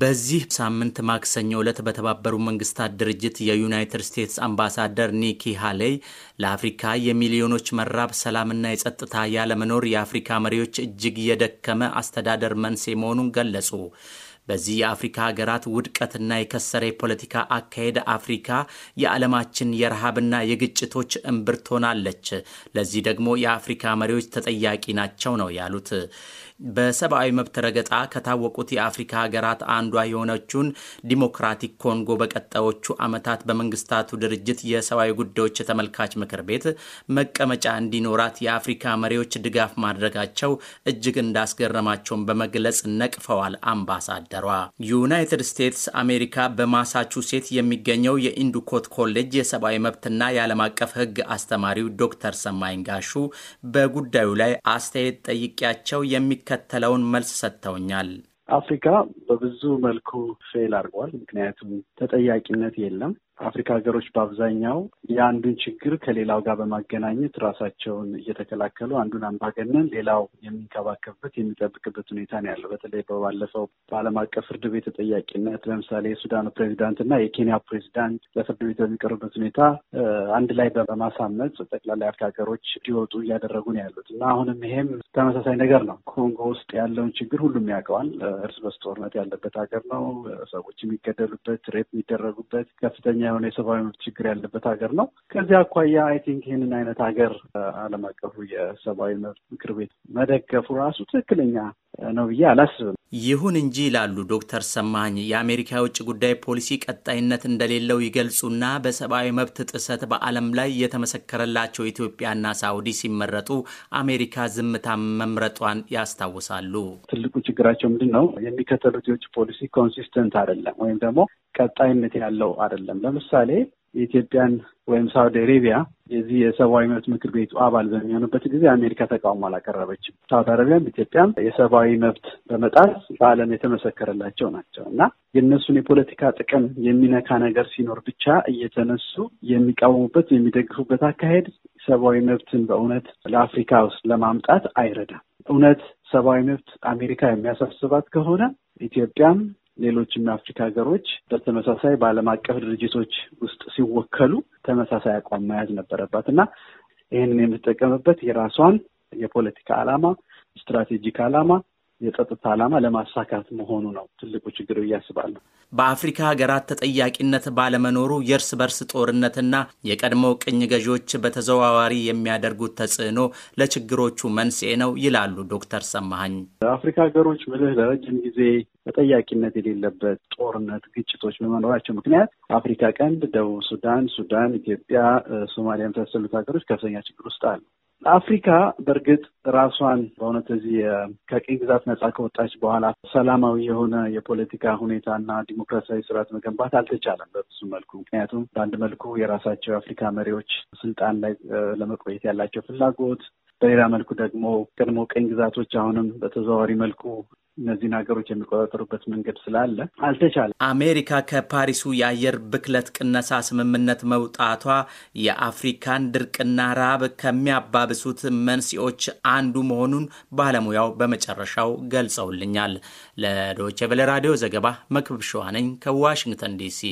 በዚህ ሳምንት ማክሰኞ ዕለት በተባበሩ መንግስታት ድርጅት የዩናይትድ ስቴትስ አምባሳደር ኒኪ ሃሌይ ለአፍሪካ የሚሊዮኖች መራብ ሰላምና የጸጥታ ያለመኖር የአፍሪካ መሪዎች እጅግ የደከመ አስተዳደር መንስኤ መሆኑን ገለጹ። በዚህ የአፍሪካ ሀገራት ውድቀትና የከሰረ የፖለቲካ አካሄድ አፍሪካ የዓለማችን የረሃብና የግጭቶች እምብርት ሆናለች። ለዚህ ደግሞ የአፍሪካ መሪዎች ተጠያቂ ናቸው ነው ያሉት። በሰብአዊ መብት ረገጣ ከታወቁት የአፍሪካ ሀገራት አንዷ የሆነችውን ዲሞክራቲክ ኮንጎ በቀጣዮቹ ዓመታት በመንግስታቱ ድርጅት የሰብአዊ ጉዳዮች የተመልካች ምክር ቤት መቀመጫ እንዲኖራት የአፍሪካ መሪዎች ድጋፍ ማድረጋቸው እጅግ እንዳስገረማቸውን በመግለጽ ነቅፈዋል አምባሳደር ሀገሯ ዩናይትድ ስቴትስ አሜሪካ በማሳቹሴት የሚገኘው የኢንዱኮት ኮሌጅ የሰብአዊ መብትና የዓለም አቀፍ ሕግ አስተማሪው ዶክተር ሰማይን ጋሹ በጉዳዩ ላይ አስተያየት ጠይቄያቸው የሚከተለውን መልስ ሰጥተውኛል። አፍሪካ በብዙ መልኩ ፌል አድርጓል። ምክንያቱም ተጠያቂነት የለም። አፍሪካ ሀገሮች በአብዛኛው የአንዱን ችግር ከሌላው ጋር በማገናኘት ራሳቸውን እየተከላከሉ አንዱን አምባገነን ሌላው የሚንከባከብበት የሚጠብቅበት ሁኔታ ነው ያለው። በተለይ በባለፈው በዓለም አቀፍ ፍርድ ቤት ተጠያቂነት ለምሳሌ የሱዳኑ ፕሬዚዳንት እና የኬንያ ፕሬዚዳንት ለፍርድ ቤት በሚቀርቡበት ሁኔታ አንድ ላይ በማሳመጽ ጠቅላላ አፍሪካ ሀገሮች እንዲወጡ እያደረጉ ነው ያሉት እና አሁንም ይሄም ተመሳሳይ ነገር ነው። ኮንጎ ውስጥ ያለውን ችግር ሁሉም ያውቀዋል። እርስ በርስ ጦርነት ያለበት ሀገር ነው። ሰዎች የሚገደሉበት፣ ሬፕ የሚደረጉበት ከፍተኛ የሆነ የሰብአዊ መብት ችግር ያለበት ሀገር ነው። ከዚህ አኳያ አይ ቲንክ ይህንን አይነት ሀገር ዓለም አቀፉ የሰብአዊ መብት ምክር ቤት መደገፉ ራሱ ትክክለኛ ነው ብዬ አላስብም። ይሁን እንጂ ይላሉ ዶክተር ሰማኝ የአሜሪካ የውጭ ጉዳይ ፖሊሲ ቀጣይነት እንደሌለው ይገልጹና በሰብአዊ መብት ጥሰት በዓለም ላይ የተመሰከረላቸው ኢትዮጵያና ሳውዲ ሲመረጡ አሜሪካ ዝምታ መምረጧን ያስታውሳሉ። ትልቁ ችግራቸው ምንድን ነው? የሚከተሉት የውጭ ፖሊሲ ኮንሲስተንት አይደለም ወይም ደግሞ ቀጣይነት ያለው አይደለም። ለምሳሌ የኢትዮጵያን ወይም ሳውዲ አሬቢያ የዚህ የሰብአዊ መብት ምክር ቤቱ አባል በሚሆኑበት ጊዜ አሜሪካ ተቃውሞ አላቀረበችም። ሳውዲ አረቢያም ኢትዮጵያም የሰብአዊ መብት በመጣት በዓለም የተመሰከረላቸው ናቸው እና የእነሱን የፖለቲካ ጥቅም የሚነካ ነገር ሲኖር ብቻ እየተነሱ የሚቃወሙበት የሚደግፉበት አካሄድ ሰብአዊ መብትን በእውነት ለአፍሪካ ውስጥ ለማምጣት አይረዳም። እውነት ሰብአዊ መብት አሜሪካ የሚያሳስባት ከሆነ ኢትዮጵያም ሌሎችም የአፍሪካ ሀገሮች በተመሳሳይ በዓለም አቀፍ ድርጅቶች ውስጥ ሲወከሉ ተመሳሳይ አቋም መያዝ ነበረባት እና ይህንን የምትጠቀምበት የራሷን የፖለቲካ ዓላማ ስትራቴጂክ ዓላማ የጸጥታ ዓላማ ለማሳካት መሆኑ ነው ትልቁ ችግር ብዬ አስባለሁ። በአፍሪካ ሀገራት ተጠያቂነት ባለመኖሩ የእርስ በርስ ጦርነትና የቀድሞ ቅኝ ገዢዎች በተዘዋዋሪ የሚያደርጉት ተጽዕኖ ለችግሮቹ መንስኤ ነው ይላሉ ዶክተር ሰማሀኝ። አፍሪካ ሀገሮች ምልህ ለረጅም ጊዜ ተጠያቂነት የሌለበት ጦርነት፣ ግጭቶች በመኖራቸው ምክንያት አፍሪካ ቀንድ፣ ደቡብ ሱዳን፣ ሱዳን፣ ኢትዮጵያ፣ ሶማሊያ የመሳሰሉት ሀገሮች ከፍተኛ ችግር ውስጥ አሉ። አፍሪካ በእርግጥ ራሷን በእውነት እዚህ ከቅኝ ግዛት ነጻ ከወጣች በኋላ ሰላማዊ የሆነ የፖለቲካ ሁኔታና ዲሞክራሲያዊ ስርዓት መገንባት አልተቻለም በብዙ መልኩ። ምክንያቱም በአንድ መልኩ የራሳቸው የአፍሪካ መሪዎች ስልጣን ላይ ለመቆየት ያላቸው ፍላጎት፣ በሌላ መልኩ ደግሞ ቀድሞ ቅኝ ግዛቶች አሁንም በተዘዋዋሪ መልኩ እነዚህን ሀገሮች የሚቆጣጠሩበት መንገድ ስላለ አልተቻለ። አሜሪካ ከፓሪሱ የአየር ብክለት ቅነሳ ስምምነት መውጣቷ የአፍሪካን ድርቅና ረሃብ ከሚያባብሱት መንስኤዎች አንዱ መሆኑን ባለሙያው በመጨረሻው ገልጸውልኛል። ለዶቼ ቬለ ራዲዮ ዘገባ መክብብ ሸዋነኝ ከዋሽንግተን ዲሲ